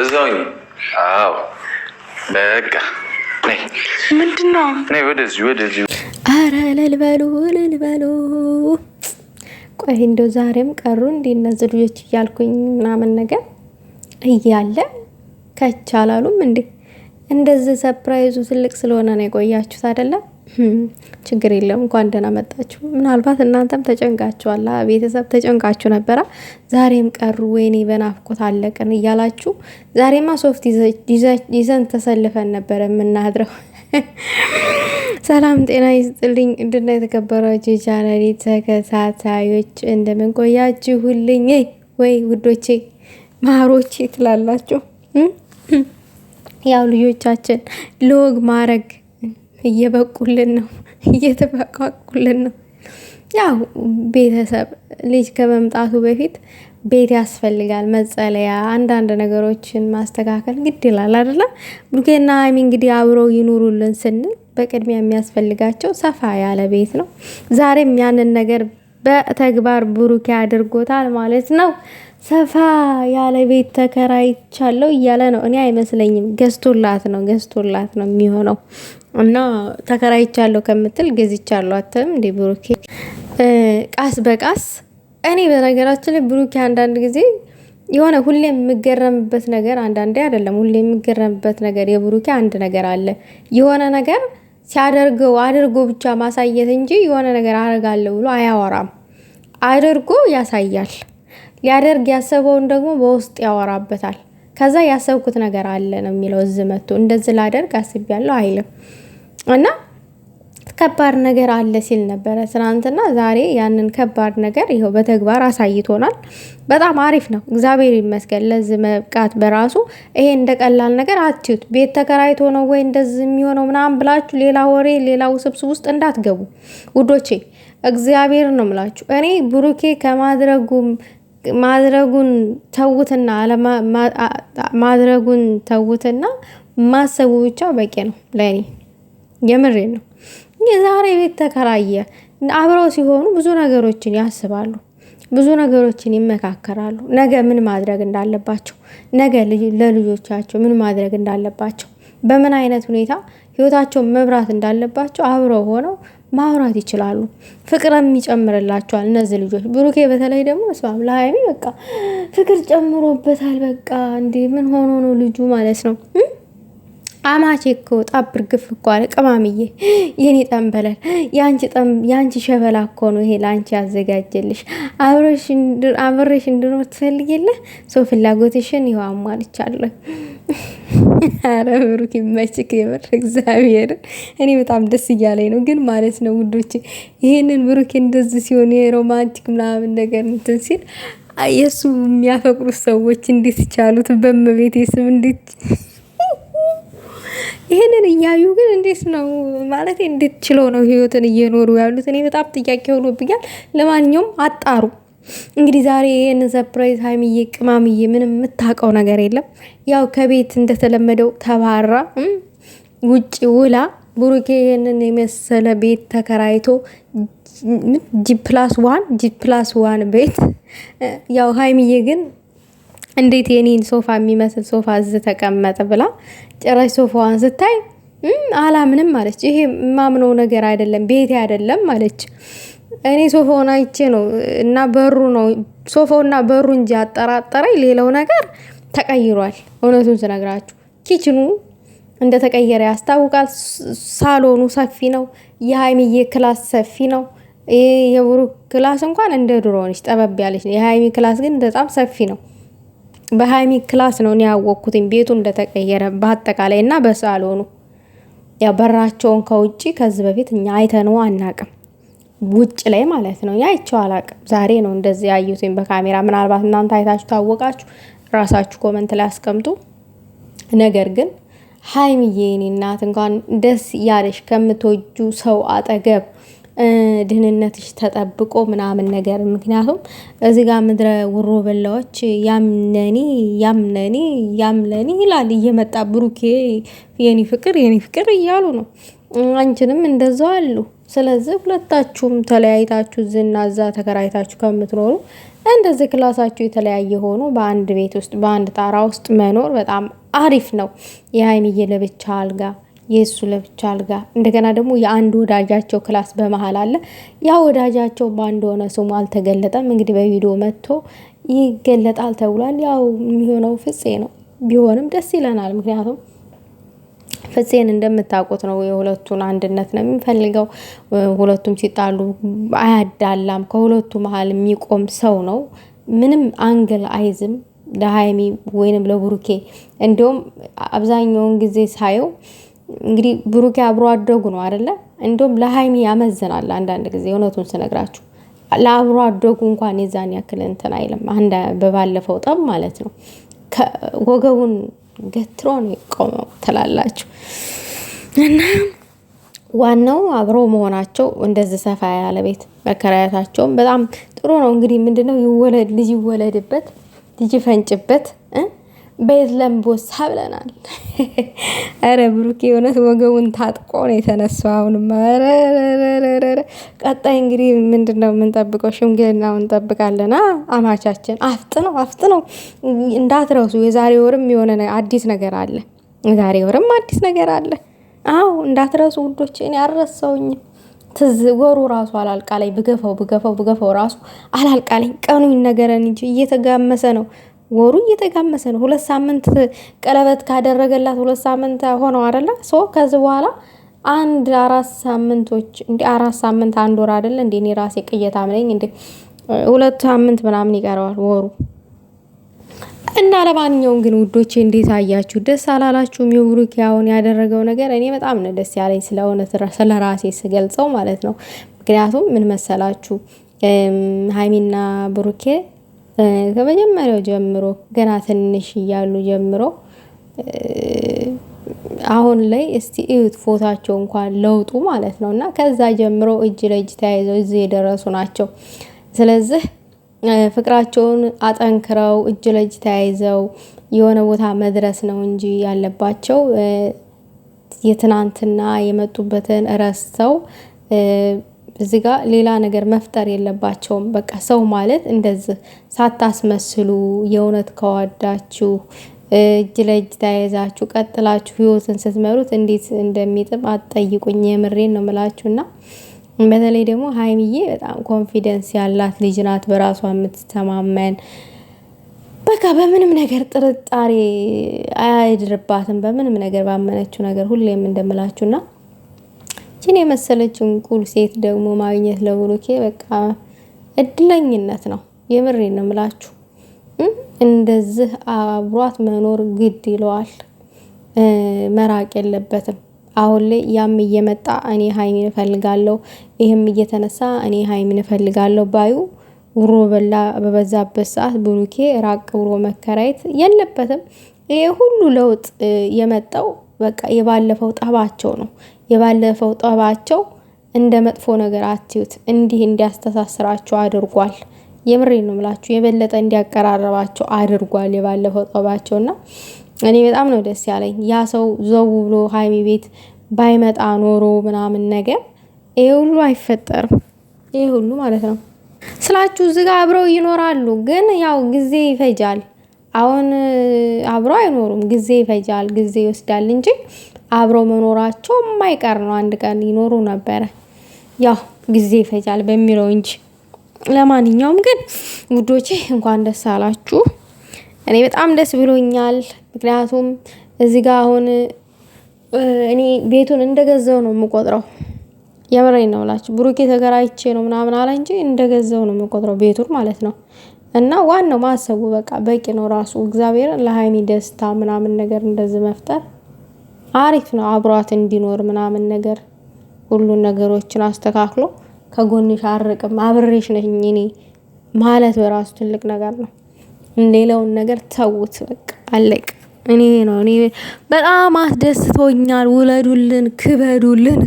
እዛውኝ። አዎ በቃ ምንድን ነው? ወደዚህ ወደዚህ። አረ እልል በሉ ቆይ እንደው ዛሬም ቀሩ እንዴ እነዚህ ልጆች እያልኩኝ ምናምን ነገር እያለ ከቻላሉም እንዴ እንደዚህ ሰፕራይዙ ትልቅ ስለሆነ ነው የቆያችሁት አይደለም? ችግር የለም እንኳን ደህና መጣችሁ። ምናልባት እናንተም ተጨንቃችኋል፣ ቤተሰብ ተጨንቃችሁ ነበራ። ዛሬም ቀሩ ወይኔ በናፍቆት አለቅን እያላችሁ ዛሬማ ሶፍት ይዘን ተሰልፈን ነበረ የምናድረው። ሰላም ጤና ይስጥልኝ። እንድና የተከበራችሁ የቻናሌ ተከታታዮች እንደምን ቆያችሁልኝ? ወይ ውዶቼ ማሮቼ ትላላችሁ። ያው ልጆቻችን ሎግ ማድረግ እየበቁልን ነው፣ እየተበቃቁልን ነው። ያው ቤተሰብ ልጅ ከመምጣቱ በፊት ቤት ያስፈልጋል፣ መጸለያ፣ አንዳንድ ነገሮችን ማስተካከል ግድ ይላል አይደለ? ብሩኬና ሀይሚ እንግዲህ አብረው ይኑሩልን ስንል በቅድሚያ የሚያስፈልጋቸው ሰፋ ያለ ቤት ነው። ዛሬም ያንን ነገር በተግባር ብሩኬ አድርጎታል ማለት ነው። ሰፋ ያለ ቤት ተከራይቻለሁ እያለ ነው። እኔ አይመስለኝም ገዝቶላት ነው ገዝቶላት ነው የሚሆነው እና ተከራይቻለሁ ከምትል ገዝቻለሁ አትልም እንደ ብሩኬ ቃስ በቃስ። እኔ በነገራችን ላይ ብሩኬ አንዳንድ ጊዜ የሆነ ሁሌ የምገረምበት ነገር አንዳንዴ አይደለም፣ ሁሌ የምገረምበት ነገር የብሩኬ አንድ ነገር አለ የሆነ ነገር ሲያደርገው አድርጎ ብቻ ማሳየት እንጂ የሆነ ነገር አደርጋለሁ ብሎ አያወራም። አድርጎ ያሳያል። ሊያደርግ ያሰበውን ደግሞ በውስጥ ያወራበታል። ከዛ ያሰብኩት ነገር አለ ነው የሚለው እዝ መቶ እንደዚህ ላደርግ አስቤያለሁ አይልም እና ከባድ ነገር አለ ሲል ነበረ ትናንትና። ዛሬ ያንን ከባድ ነገር ይኸው በተግባር አሳይቶናል። በጣም አሪፍ ነው። እግዚአብሔር ይመስገን። ለዚህ መብቃት በራሱ ይሄ እንደ ቀላል ነገር አትዩት። ቤት ተከራይቶ ነው ወይ እንደዚህ የሚሆነው ምናምን ብላችሁ ሌላ ወሬ፣ ሌላ ውስብስብ ውስጥ እንዳትገቡ ውዶቼ። እግዚአብሔር ነው ምላችሁ። እኔ ብሩኬ ከማድረጉ ማድረጉን ተውትና ማድረጉን ተውትና ማሰቡ ብቻ በቂ ነው ለእኔ። የምሬ ነው። ዛሬ ቤት ተከራየ አብረው ሲሆኑ ብዙ ነገሮችን ያስባሉ፣ ብዙ ነገሮችን ይመካከራሉ። ነገ ምን ማድረግ እንዳለባቸው፣ ነገ ለልጆቻቸው ምን ማድረግ እንዳለባቸው፣ በምን አይነት ሁኔታ ህይወታቸውን መብራት እንዳለባቸው አብረው ሆነው ማውራት ይችላሉ። ፍቅርም ይጨምርላቸዋል። እነዚህ ልጆች ብሩኬ በተለይ ደግሞ ስማም ለሀይሚ በቃ ፍቅር ጨምሮበታል። በቃ እንዲህ ምን ሆኖ ነው ልጁ ማለት ነው። አማቼ እኮ ጣብር ግፍ እኮ አለ ቅማምዬ፣ የኔ ጠንበላል፣ የአንቺ ሸበላ እኮ ነው ይሄ ለአንቺ ያዘጋጀልሽ። አብሬሽ እንድኖር ትፈልጊለህ? ሰው ፍላጎትሽን ይኸው አሟልቻለሁ። ኧረ ብሩክ ይመችክ፣ የምር እግዚአብሔር እኔ በጣም ደስ እያለኝ ነው። ግን ማለት ነው ውዶች፣ ይህንን ብሩክ እንደዚህ ሲሆን የሮማንቲክ ምናምን ነገር እንትን ሲል የእሱ የሚያፈቅሩት ሰዎች እንዴት ይቻሉት? በእመቤቴ ስም እንዴት ይህንን እያዩ ግን እንዴት ነው ማለት እንዴት ችለው ነው ህይወትን እየኖሩ ያሉት? እኔ በጣም ጥያቄ ሆኖብኛል። ለማንኛውም አጣሩ እንግዲህ ዛሬ ይህን ሰርፕራይዝ ሀይሚዬ ቅማምዬ ምንም የምታውቀው ነገር የለም። ያው ከቤት እንደተለመደው ተባራ ውጭ ውላ ብሩኬ ይህንን የመሰለ ቤት ተከራይቶ ጂፕላስ ዋን ጂፕላስ ዋን ቤት ያው ሀይሚዬ ግን እንዴት የኔን ሶፋ የሚመስል ሶፋ እዝ ተቀመጠ ብላ ጭራሽ ሶፋዋን ስታይ አላምንም አለች። ይሄ ማምነው ነገር አይደለም ቤቴ አይደለም አለች። እኔ ሶፋውን አይቼ ነው እና በሩ ነው ሶፋውና በሩ እንጂ አጠራጠረኝ። ሌላው ነገር ተቀይሯል። እውነቱን ስነግራችሁ ኪችኑ እንደ ተቀየረ ያስታውቃል። ሳሎኑ ሰፊ ነው። የሀይሚዬ ክላስ ሰፊ ነው። የብሩክ ክላስ እንኳን እንደ ድሮ ነች፣ ጠበብ ያለች ነው። የሀይሚ ክላስ ግን በጣም ሰፊ ነው። በሀይሚ ክላስ ነው እኔ ያወቅኩትኝ ቤቱ እንደተቀየረ በአጠቃላይ እና በሳሎኑ ያው በራቸውን ከውጭ ከዚህ በፊት እኛ አይተነው አናቅም። ውጭ ላይ ማለት ነው ያይቸው አላቅም። ዛሬ ነው እንደዚህ ያዩትኝ በካሜራ። ምናልባት እናንተ አይታችሁ ታወቃችሁ ራሳችሁ ኮመንት ላይ አስቀምጡ። ነገር ግን ሀይሚዬ የኔ እናት እንኳን ደስ ያለሽ ከምትወጁ ሰው አጠገብ ድህንነትሽ ተጠብቆ ምናምን ነገር ምክንያቱም እዚህ ጋር ምድረ ውሮ በላዎች ያምነኒ ያምነኒ ያምነኒ ይላል እየመጣ ብሩኬ የኔ ፍቅር የኔ ፍቅር እያሉ ነው። አንቺንም እንደዛው አሉ። ስለዚህ ሁለታችሁም ተለያይታችሁ ዝና እዛ ተከራይታችሁ ከምትኖሩ እንደዚህ ክላሳችሁ የተለያየ ሆኖ በአንድ ቤት ውስጥ በአንድ ጣራ ውስጥ መኖር በጣም አሪፍ ነው። የሀይሚዬ ለብቻ አልጋ የእሱ ለብቻ አልጋ እንደገና ደግሞ የአንድ ወዳጃቸው ክላስ በመሀል አለ። ያ ወዳጃቸው በአንድ ሆነ ስሙ አልተገለጠም። እንግዲህ በቪዲዮ መጥቶ ይገለጣል ተብሏል። ያው የሚሆነው ፍፄ ነው። ቢሆንም ደስ ይለናል። ምክንያቱም ፍፄን እንደምታውቁት ነው የሁለቱን አንድነት ነው የሚፈልገው። ሁለቱም ሲጣሉ አያዳላም። ከሁለቱ መሀል የሚቆም ሰው ነው። ምንም አንግል አይዝም ለሀይሚ ወይንም ለቡሩኬ። እንዲሁም አብዛኛውን ጊዜ ሳየው እንግዲህ ብሩኬ አብሮ አደጉ ነው አይደለ? እንዲሁም ለሀይሚ ያመዝናል አንዳንድ ጊዜ እውነቱን ስነግራችሁ ለአብሮ አደጉ እንኳን የዛን ያክል እንትን አይልም። አንድ በባለፈው ጠብ ማለት ነው ወገቡን ገትሮ ነው የቆመው ትላላችሁ። እና ዋናው አብሮ መሆናቸው እንደዚህ ሰፋ ያለ ቤት መከራየታቸውም በጣም ጥሩ ነው። እንግዲህ ምንድነው ይወለድ ልጅ ይወለድበት ልጅ ይፈንጭበት ቤዝለም ቦሳ ብለናል። ኧረ ብሩኬ የእውነት ወገቡን ታጥቆ ነው የተነሳው። አሁንም ቀጣይ እንግዲህ ምንድን ነው የምንጠብቀው? ሽምግልናው እንጠብቃለና አማቻችን አፍጥ ነው እንዳትረሱ። የዛሬ ወርም የሆነ አዲስ ነገር አለ። የዛሬ ወርም አዲስ ነገር አለ። አዎ እንዳትረሱ ውዶች። እኔ አልረሳሁኝም። ትዝ ወሩ ራሱ አላልቃላይ ብገፈው ብገፈው ብገፈው ራሱ አላልቃላይ። ቀኑ ይነገረን እንጂ እየተጋመሰ ነው። ወሩ እየተጋመሰ ነው። ሁለት ሳምንት ቀለበት ካደረገላት ሁለት ሳምንት ሆነው አደለ ሶ ከዚህ በኋላ አንድ አራት ሳምንቶች እንዲ አራት ሳምንት አንድ ወር አደለ እንዴ? እኔ ራሴ ቅየታም ነኝ እንዴ? ሁለት ሳምንት ምናምን ይቀረዋል ወሩ። እና ለማንኛውም ግን ውዶቼ እንዴት አያችሁ? ደስ አላላችሁም? የብሩክ ያሁን ያደረገው ነገር እኔ በጣም ነው ደስ ያለኝ፣ ስለ እውነት ስለ ራሴ ስገልጸው ማለት ነው። ምክንያቱም ምን መሰላችሁ ሀይሚና ብሩኬ ከመጀመሪያው ጀምሮ ገና ትንሽ እያሉ ጀምሮ አሁን ላይ እስቲ እዩት ፎታቸው እንኳን ለውጡ ማለት ነው። እና ከዛ ጀምሮ እጅ ለእጅ ተያይዘው እዚህ የደረሱ ናቸው። ስለዚህ ፍቅራቸውን አጠንክረው እጅ ለእጅ ተያይዘው የሆነ ቦታ መድረስ ነው እንጂ ያለባቸው የትናንትና የመጡበትን ረስተው እዚ ጋ ሌላ ነገር መፍጠር የለባቸውም። በቃ ሰው ማለት እንደዚህ ሳታስመስሉ የእውነት ከዋዳችሁ እጅ ለእጅ ተያይዛችሁ ቀጥላችሁ ህይወትን ስትመሩት እንዴት እንደሚጥም አትጠይቁኝ። የምሬን ነው ምላችሁ እና በተለይ ደግሞ ሀይሚዬ በጣም ኮንፊደንስ ያላት ልጅ ናት፣ በራሷ የምትተማመን በቃ በምንም ነገር ጥርጣሬ አያድርባትም። በምንም ነገር ባመነችው ነገር ሁሌም እንደምላችሁና ይችን የመሰለች ቁል ሴት ደግሞ ማግኘት ለብሩኬ በቃ እድለኝነት ነው። የምሬ ነው ምላችሁ። እንደዚህ አብሯት መኖር ግድ ይለዋል። መራቅ የለበትም። አሁን ላይ ያም እየመጣ እኔ ሀይሚን እፈልጋለሁ፣ ይህም እየተነሳ እኔ ሀይሚን እፈልጋለሁ ባዩ ውሮ በላ በበዛበት ሰዓት ብሩኬ ራቅ ብሎ መከራየት የለበትም። ይሄ ሁሉ ለውጥ የመጣው በቃ የባለፈው ጠባቸው ነው። የባለፈው ጠባቸው እንደ መጥፎ ነገር አትዩት፣ እንዲህ እንዲያስተሳስራቸው አድርጓል። የምሬ ነው ምላችሁ፣ የበለጠ እንዲያቀራረባቸው አድርጓል የባለፈው ጠባቸው እና እኔ በጣም ነው ደስ ያለኝ። ያ ሰው ዘው ብሎ ሀይሚ ቤት ባይመጣ ኖሮ ምናምን ነገር ይሄ ሁሉ አይፈጠርም። ይሄ ሁሉ ማለት ነው ስላችሁ እዚህ አብረው ይኖራሉ፣ ግን ያው ጊዜ ይፈጃል። አሁን አብረው አይኖሩም፣ ጊዜ ይፈጃል፣ ጊዜ ይወስዳል እንጂ አብሮ መኖራቸው የማይቀር ነው። አንድ ቀን ይኖሩ ነበረ። ያው ጊዜ ይፈጃል በሚለው እንጂ። ለማንኛውም ግን ውዶቼ እንኳን ደስ አላችሁ። እኔ በጣም ደስ ብሎኛል። ምክንያቱም እዚህ ጋር አሁን እኔ ቤቱን እንደገዛው ነው የምቆጥረው። የምሬን ነው ብላችሁ ብሩኬ ተገራይቼ ነው ምናምን አለ እንጂ እንደገዛው ነው የምቆጥረው ቤቱን ማለት ነው። እና ዋናው ማሰቡ በቃ በቂ ነው ራሱ እግዚአብሔርን ለሀይኒ ደስታ ምናምን ነገር እንደዚህ መፍጠር አሪፍ ነው አብሯት እንዲኖር ምናምን ነገር ሁሉን ነገሮችን አስተካክሎ ከጎንሽ አርቅም አብሬሽ ነኝ እኔ ማለት በራሱ ትልቅ ነገር ነው። ሌላውን ነገር ተውት፣ በቃ አለቅ። እኔ ነው እኔ በጣም አስደስቶኛል። ውለዱልን፣ ክበዱልን።